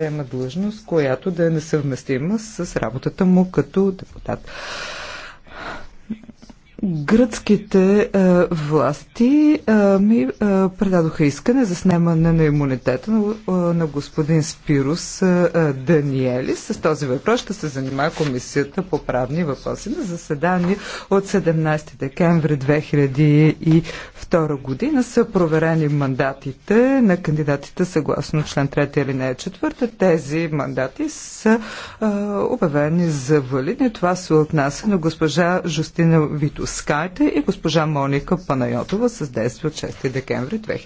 заема длъжност, която да е несъвместима с работата му като депутат. Гръцките е, власти е, ми е, предадоха искане за снемане на имунитета на, е, на господин Спирус е, е Даниели. С този въпрос ще се занимава Комисията по правни въпроси на заседание от 17 декември 2002 година. Са проверени мандатите на кандидатите съгласно член 3 или не 4. Тези мандати са е, обявени за валидни. Това се отнася на госпожа Жустина Витус. Скайте и госпожа Моника Панайотова с действие от 6 декември 2000.